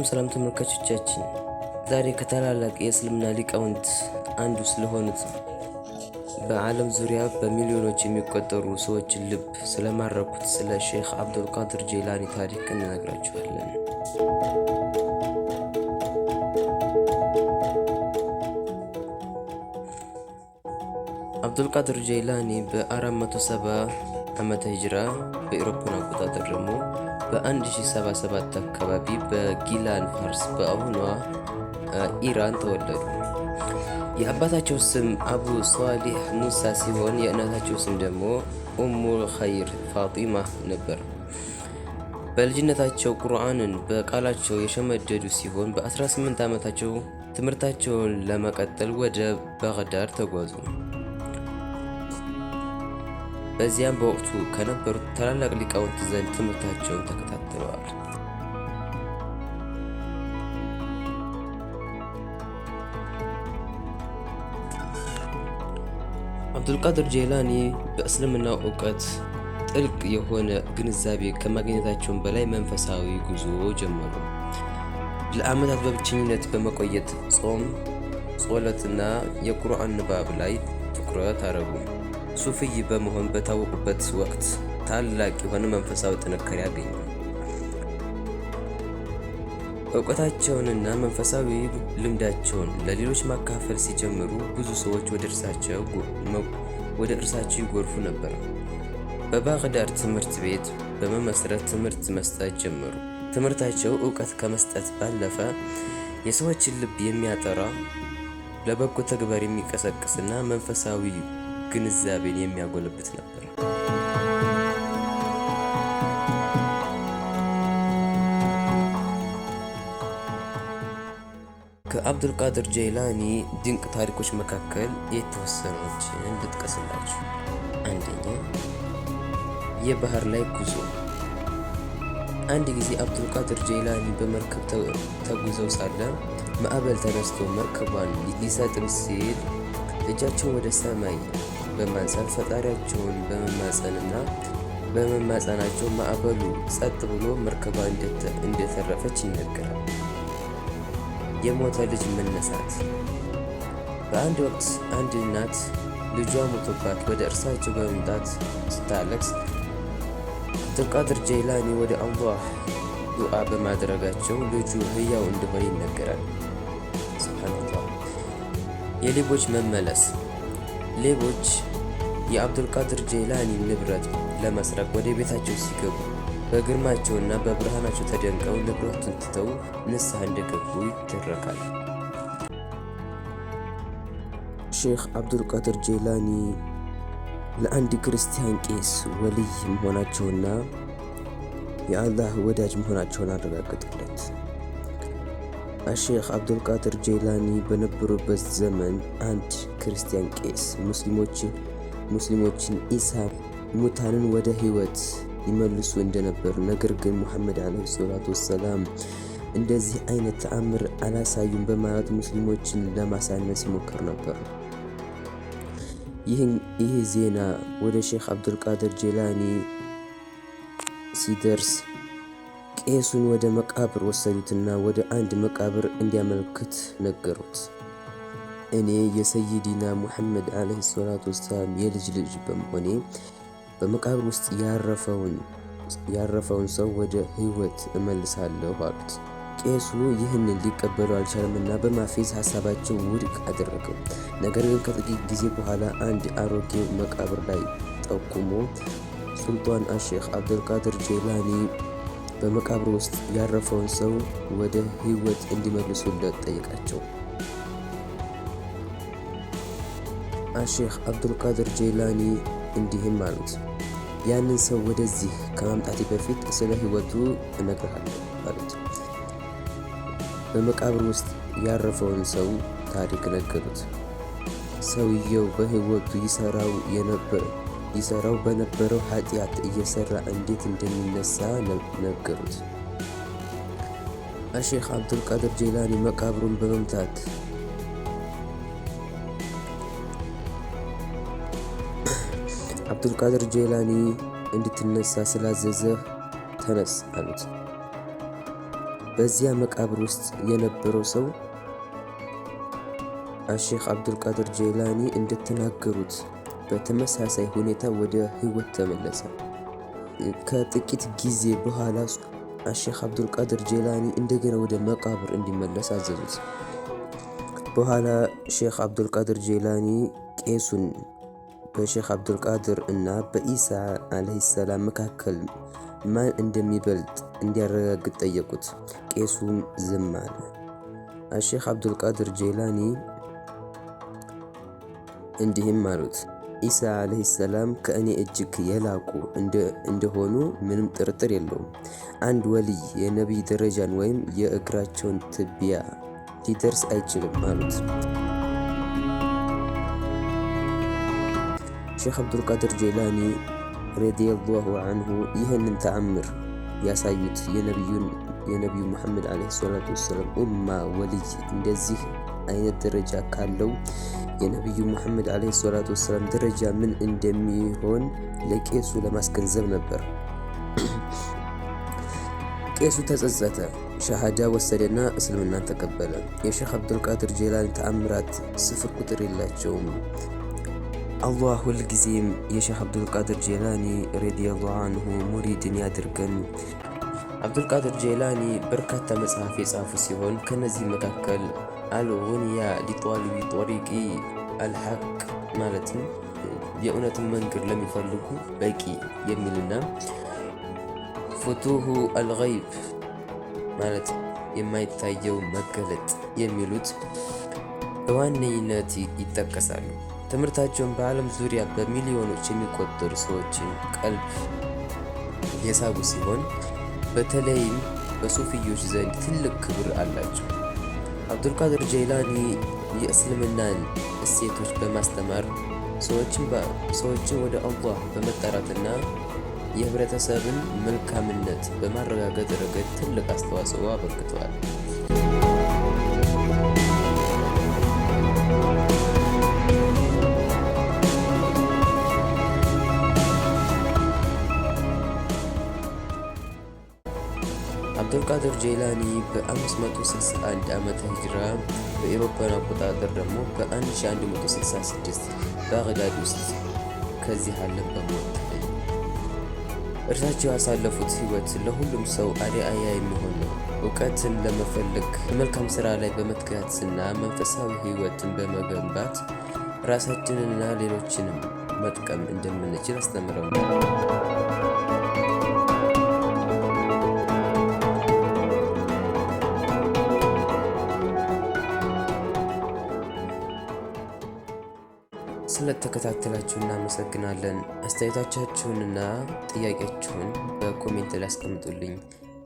ሰላም ሰላም ተመልካቾቻችን፣ ዛሬ ከታላላቅ የእስልምና ሊቃውንት አንዱ ስለሆኑት በዓለም ዙሪያ በሚሊዮኖች የሚቆጠሩ ሰዎችን ልብ ስለማረኩት ስለ ሼክ አብዱልቃድር ጄላኒ ታሪክ እንነግራችኋለን። አብዱልቃድር ጄላኒ በ470 ዓመተ ሂጅራ በኢሮፓን አቆጣጠር ደግሞ በ1077 አካባቢ በጊላን ፋርስ በአሁኗ ኢራን ተወለዱ። የአባታቸው ስም አቡ ሷሊህ ሙሳ ሲሆን የእናታቸው ስም ደግሞ ኡሙ ኸይር ፋጢማ ነበር። በልጅነታቸው ቁርአንን በቃላቸው የሸመደዱ ሲሆን በ18 ዓመታቸው ትምህርታቸውን ለመቀጠል ወደ ባግዳድ ተጓዙ። በዚያም በወቅቱ ከነበሩት ታላላቅ ሊቃውንት ዘንድ ትምህርታቸውን ተከታትለዋል። አብዱልቃድር ጄላኒ በእስልምናው እውቀት ጥልቅ የሆነ ግንዛቤ ከማግኘታቸውን በላይ መንፈሳዊ ጉዞ ጀመሩ። ለዓመታት በብቸኝነት በመቆየት ጾም፣ ጸሎትና የቁርአን ንባብ ላይ ትኩረት አደረጉ። ሱፍይ በመሆን በታወቁበት ወቅት ታላቅ የሆነ መንፈሳዊ ጥንካሬ ያገኙ። እውቀታቸውንና መንፈሳዊ ልምዳቸውን ለሌሎች ማካፈል ሲጀምሩ ብዙ ሰዎች ወደ እርሳቸው ይጎርፉ ነበር። በባግዳድ ትምህርት ቤት በመመስረት ትምህርት መስጠት ጀመሩ። ትምህርታቸው እውቀት ከመስጠት ባለፈ የሰዎችን ልብ የሚያጠራ ለበጎ ተግባር የሚቀሰቅስና መንፈሳዊ ግንዛቤን የሚያጎለብት ነበር። ከአብዱልቃድር ጀይላኒ ድንቅ ታሪኮች መካከል የተወሰኑችን ልጥቀስላችሁ። አንደኛ የባህር ላይ ጉዞ። አንድ ጊዜ አብዱልቃድር ጀይላኒ በመርከብ ተጉዘው ሳለ ማዕበል ተነስቶ መርከቧን ሊሰጥም ሲል እጃቸው ወደ ሰማይ በማንሳት ፈጣሪያቸውን በመማፀንና በመማፀናቸው ማዕበሉ ጸጥ ብሎ መርከቧ እንደተረፈች ይነገራል። የሞተ ልጅ መነሳት። በአንድ ወቅት አንድ እናት ልጇ ሞቶባት ወደ እርሳቸው በመምጣት ስታለቅስ ጥብቅ አድርጄ ላኔ ወደ አላህ ዱዓ በማድረጋቸው ልጁ ህያው እንደሆነ ይነገራል። ሱብሃነላህ። የሌቦች መመለስ ሌቦች የአብዱልቃድር ጄላኒን ንብረት ለመስረቅ ወደ ቤታቸው ሲገቡ በግርማቸውና በብርሃናቸው ተደንቀው ንብረቱን ትተው ንስሐ እንደገቡ ይደረካል። ሼክ አብዱልቃድር ጄላኒ ለአንድ ክርስቲያን ቄስ ወልይ መሆናቸውና የአላህ ወዳጅ መሆናቸውን አረጋገጡለት። አሼክ አብዱልቃድር ጄላኒ በነበሩበት ዘመን አንድ ክርስቲያን ቄስ ሙስሊሞችን ሙስሊሞችን ኢሳ ሙታንን ወደ ህይወት ይመልሱ እንደነበር፣ ነገር ግን ሙሐመድ ዓለይሂ ሰላቱ ወሰላም እንደዚህ አይነት ተአምር አላሳዩም በማለት ሙስሊሞችን ለማሳነስ ይሞክር ነበር። ይህ ዜና ወደ ሼክ አብዱልቃድር ጄላኒ ሲደርስ ቄሱን ወደ መቃብር ወሰዱትና ወደ አንድ መቃብር እንዲያመልክት ነገሩት። እኔ የሰይዲና ሙሐመድ ዓለይሂ ሰላቱ ወሰላም የልጅ ልጅ በመሆኔ በመቃብር ውስጥ ያረፈውን ሰው ወደ ህይወት እመልሳለሁ አሉት። ቄሱ ይህንን ሊቀበሉ አልቻለምና በማፌዝ ሀሳባቸው ውድቅ አደረገው። ነገር ግን ከጥቂት ጊዜ በኋላ አንድ አሮጌ መቃብር ላይ ጠቁሞ ሱልጣን አሼክ አብዱልቃድር ጄላኒ በመቃብር ውስጥ ያረፈውን ሰው ወደ ህይወት እንዲመልሱለት ጠይቃቸው። ሼህ አብዱልቃድር ጄላኒ እንዲህም አሉት፣ ያንን ሰው ወደዚህ ከማምጣቴ በፊት ስለ ህይወቱ እነግርሃለሁ አሉት። በመቃብር ውስጥ ያረፈውን ሰው ታሪክ ነገሩት። ሰውየው በህይወቱ ይሰራው በነበረው ኃጢአት እየሰራ እንዴት እንደሚነሳ ነገሩት። አሼህ አብዱልቃድር ጄላኒ መቃብሩን በመምታት አብዱልቃድር ጄላኒ እንድትነሳ ስላዘዘህ ተነስ አሉት። በዚያ መቃብር ውስጥ የነበረው ሰው አሼክ አብዱልቃድር ጄላኒ እንደተናገሩት በተመሳሳይ ሁኔታ ወደ ህይወት ተመለሰ። ከጥቂት ጊዜ በኋላ አሼክ አብዱልቃድር ጄላኒ እንደገና ወደ መቃብር እንዲመለስ አዘዙት። በኋላ ሼክ አብዱልቃድር ጄላኒ ቄሱን በሼህ አብዱልቃድር እና በኢሳ ዓለይሂ ሰላም መካከል ማን እንደሚበልጥ እንዲያረጋግጥ ጠየቁት። ቄሱም ዝም አለ። አሼህ አብዱልቃድር ጄላኒ እንዲህም አሉት፣ ኢሳ ዓለይሂ ሰላም ከእኔ እጅግ የላቁ እንደሆኑ ምንም ጥርጥር የለውም። አንድ ወልይ የነቢይ ደረጃን ወይም የእግራቸውን ትቢያ ሊደርስ አይችልም አሉት። షేక్ అబ్దుల్ ఖాదర్ జైలాని ረዲየላሁ አንሁ ይህንን ተአምር ያሳዩት የነቢዩን የነቢዩ መሐመድ ዓለይሂ ሰላቱ ወሰላም ኡማ ወልይ እንደዚህ አይነት ደረጃ ካለው የነቢዩ መሐመድ ዓለይሂ ሰላቱ ወሰላም ደረጃ ምን እንደሚሆን ለቄሱ ለማስገንዘብ ነበር። ቄሱ ተጸጸተ፣ ሻሃዳ ወሰደና እስልምናን ተቀበለ። የሼክ አብዱልቃድር ጄላኒ ተአምራት ስፍር ቁጥር የላቸውም። አላህ ሁልጊዜም የሼህ አብዱልቃድር ጄላኒ ረዲየላሁ አንሁ ሙሪድን ያድርገን። አብዱልቃድር ጄላኒ በርካታ መጽሐፍ የጻፉ ሲሆን ከነዚህ መካከል አልጉንያ ሊጧልቢ ጦሪቂ አልሐቅ ማለትም የእውነትን መንገድ ለሚፈልጉ በቂ የሚልና ፍቱሁ አልገይብ ማለት የማይታየው መገለጥ የሚሉት በዋነኝነት ይጠቀሳሉ። ትምህርታቸውን በዓለም ዙሪያ በሚሊዮኖች የሚቆጠሩ ሰዎችን ቀልብ የሳቡ ሲሆን በተለይም በሱፊዮች ዘንድ ትልቅ ክብር አላቸው። አብዱልቃድር ጀይላኒ የእስልምናን እሴቶች በማስተማር ሰዎችን ወደ አላህ በመጠራትና የህብረተሰብን መልካምነት በማረጋገጥ ረገድ ትልቅ አስተዋጽኦ አበርክተዋል። አብዱልቃድር ጄላኒ በ561 ዓመተ ሂጅራ በኤሮፓን አቆጣጠር ደግሞ በ1166 ባግዳድ ውስጥ ከዚህ ዓለም በሞት እርሳቸው ያሳለፉት ሕይወት ለሁሉም ሰው አርአያ የሚሆን ነው። እውቀትን ለመፈለግ በመልካም ሥራ ላይ በመትጋትና መንፈሳዊ ሕይወትን በመገንባት ራሳችንንና ሌሎችንም መጥቀም እንደምንችል ነው። ስለተከታተላችሁ እናመሰግናለን። አስተያየታችሁንና ጥያቄያችሁን በኮሜንት ላይ አስቀምጡልኝ።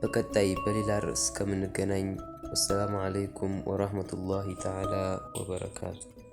በቀጣይ በሌላ ርዕስ ከምንገናኝ ወሰላሙ አለይኩም ወራህመቱላሂ ተዓላ ወበረካቱ።